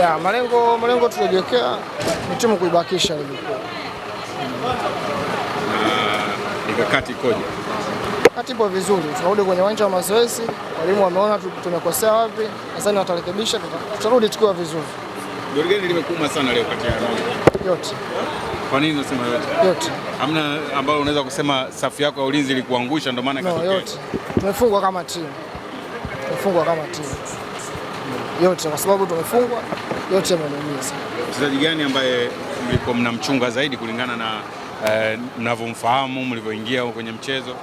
ya malengo malengo tuliojiwekea ni timu kuibakisha ligi kuu. Mikakati ikoje? Mikakati ipo vizuri, tunarudi kwenye uwanja wa mazoezi, walimu wameona tumekosea wapi, nadhani watarekebisha, tutarudi tukiwa vizuri. Goli gani limekuuma sana leo kati ya yote? Kwa nini unasema yote? Yote. Hamna ambayo unaweza kusema safu yako ya ulinzi ilikuangusha ndio maana no, yote. Tumefungwa kama timu. Tumefungwa kama timu yote, kwa sababu tumefungwa yote yameumia Mchezaji gani ambaye mlikuwa mnamchunga zaidi kulingana na eh, mnavyomfahamu mlivyoingia kwenye mchezo?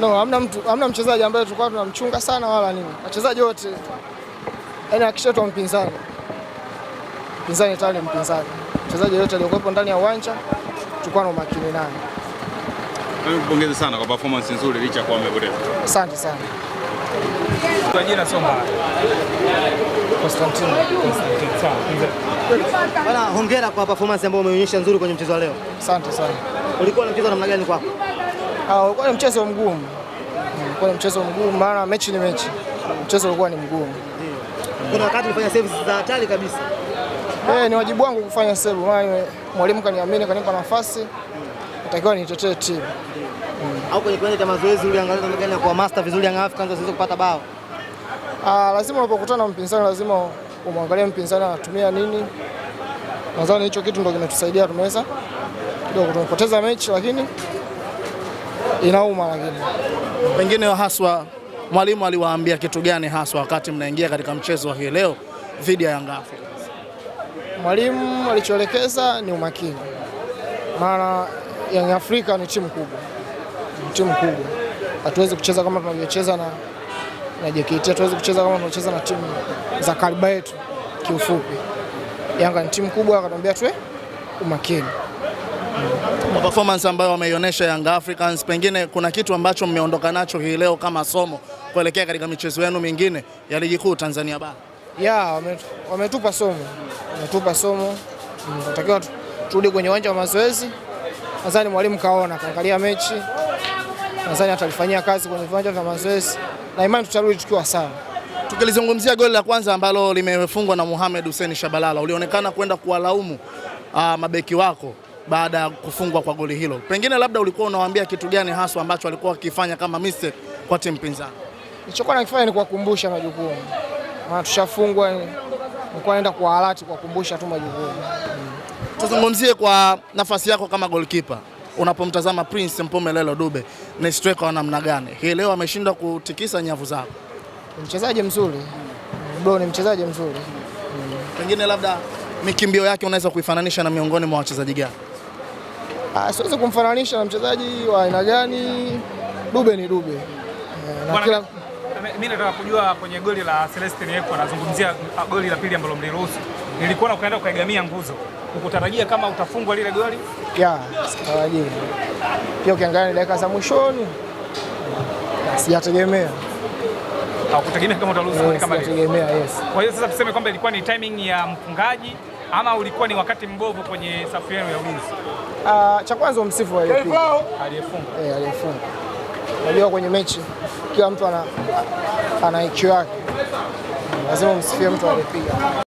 No, hamna mtu, hamna mchezaji ambaye tulikuwa tunamchunga sana wala nini. Wachezaji wote yani akishatwa mpinzani mpinzani tayari mpinzani, mchezaji yote aliyokuwepo ndani ya uwanja tulikuwa na umakini naye. Kupongeze sana kwa performance nzuri licha kwa muda mrefu. Asante sana. Kwa jina soma. Constantine. Bana, hongera kwa performance ambayo umeonyesha nzuri kwenye mchezo wa leo. Asante sana. Ulikuwa na mchezo namna gani kwako? Ah, ulikuwa ni mchezo mgumu. Ulikuwa ni mchezo mgumu maana mechi ni mechi. Mchezo ulikuwa ni mgumu. Kuna wakati ulifanya service za hatari kabisa. Eh, ni wajibu wangu kufanya save maana mwalimu kaniamini kanipa nafasi natakiwa nitetee timu mm. au kwenye kiwanja cha mazoezi ule angalau namna gani kwa master vizuri angalau kwanza usiweze kupata bao. Ah, lazima unapokutana na mpinzani lazima umwangalie mpinzani anatumia nini. Nadhani hicho kitu ndio kimetusaidia tumeweza kidogo tumepoteza mechi lakini inauma lakini. Pengine haswa mwalimu aliwaambia kitu gani haswa wakati mnaingia katika mchezo wa hii leo dhidi ya Yanga Africans? Mwalimu alichoelekeza ni umakini. Maana Young Africa ni timu kubwa, ni timu kubwa. Hatuwezi kucheza kama tunavyocheza na na JKT, hatuwezi kucheza kama tunacheza na timu za kariba yetu. Kiufupi, Yanga ni timu kubwa, akatuambia tuwe umakini kwa performance ambayo wameionyesha Young Africans. Pengine kuna kitu ambacho mmeondoka nacho hii leo kama somo kuelekea katika michezo yenu mingine ya ligi kuu Tanzania Bara? Yeah, wametupa somo, wametupa somo, natakiwa turudi kwenye uwanja wa mazoezi nadhani mwalimu kaona, kaangalia mechi, nadhani atalifanyia kazi kwenye viwanja vya mazoezi na imani tutarudi tukiwa sawa. Tukilizungumzia goli la kwanza ambalo limefungwa na Mohamed Hussein Shabalala, ulionekana kwenda kuwalaumu uh, mabeki wako baada ya kufungwa kwa goli hilo, pengine labda ulikuwa unawaambia kitu gani haswa ambacho alikuwa akifanya kama mistake kwa timu pinzani? Nilichokuwa nakifanya ni kuwakumbusha majukumu, maana tushafungwa, nilikuwa naenda kuwahalati kuwakumbusha tu majukumu. Tuzungumzie kwa nafasi yako kama goalkeeper unapomtazama Prince lelo Dube ni striker wa namna gani? Hii leo ameshinda kutikisa nyavu zako. Mchezaji mzuri. Bro ni mchezaji mzuri. Pengine labda mikimbio yake unaweza kuifananisha na miongoni mwa wachezaji gani? Ah, siwezi kumfananisha na mchezaji wa aina gani. Dube ni Dube. Eh, na kila mimi nataka kujua kwenye goli la Celestine Yeko, anazungumzia goli la pili ambalo mliruhusu, nilikuwa na ukaenda ukaigamia nguzo, ukutarajia kama utafungwa lile goli? Yeah, sikutarajia. Pia ukiangalia ni dakika za mwishoni, sijategemea kutegemea kama utaruhusu yes, eh, kama Sijategemea, yes. Kwa hiyo sasa tuseme kwamba ilikuwa ni timing ya mfungaji ama ulikuwa ni wakati mbovu kwenye safu yenu ya ulinzi? Ah, cha kwanza umsifu aliyefunga. Aliyefunga. Eh, aliyefunga. Unajua kwenye mechi kila mtu ana ana IQ yake, lazima umsifie mtu aliyepiga.